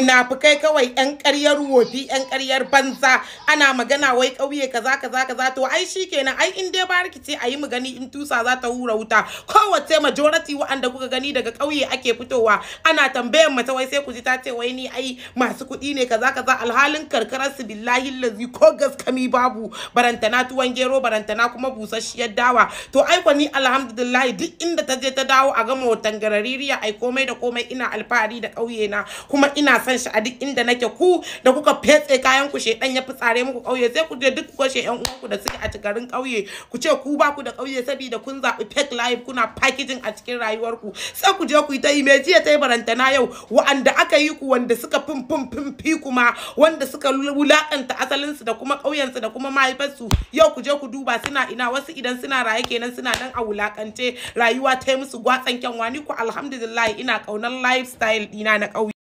munafukai kawai yan karyar wofi yan karyar banza ana magana wai kauye kaza kaza kaza to ai shikenan ai in dai barki ce ayi mu gani in tusa za ta hura wuta kowace majority wa'anda kuka gani daga kauye ake fitowa ana tambayar mata wai sai ku ji ta ce wai ni ai masu kuɗi ne kaza kaza alhalin karkarar su billahi lazi ko gaskami babu barantana tuwon gero barantana kuma busasshiyar dawa to ai ni alhamdulillah duk inda ta je ta dawo a gama tangaraririya ai komai da komai ina alfahari da kauye na kuma ina son shi a duk inda nake ku da kuka fetse kayan ku dan ya tsare muku kauye sai ku je duk she yan ku da suke a cikin kauye ku ce ku ba ku da kauye saboda kun zabi fake life kuna packaging a cikin rayuwar ku sai ku je ku ta yi me jiya ta yi barantana yau wanda aka yi ku wanda suka fim fim fim fi kuma wanda suka wulakanta asalinsu da kuma su da kuma mahaifarsu yau ku je ku duba suna ina wasu idan suna raye kenan suna dan a wulakance rayuwa ta yi musu gwatsan kyanwa ni ku alhamdulillah ina kaunar lifestyle ɗina na kauye.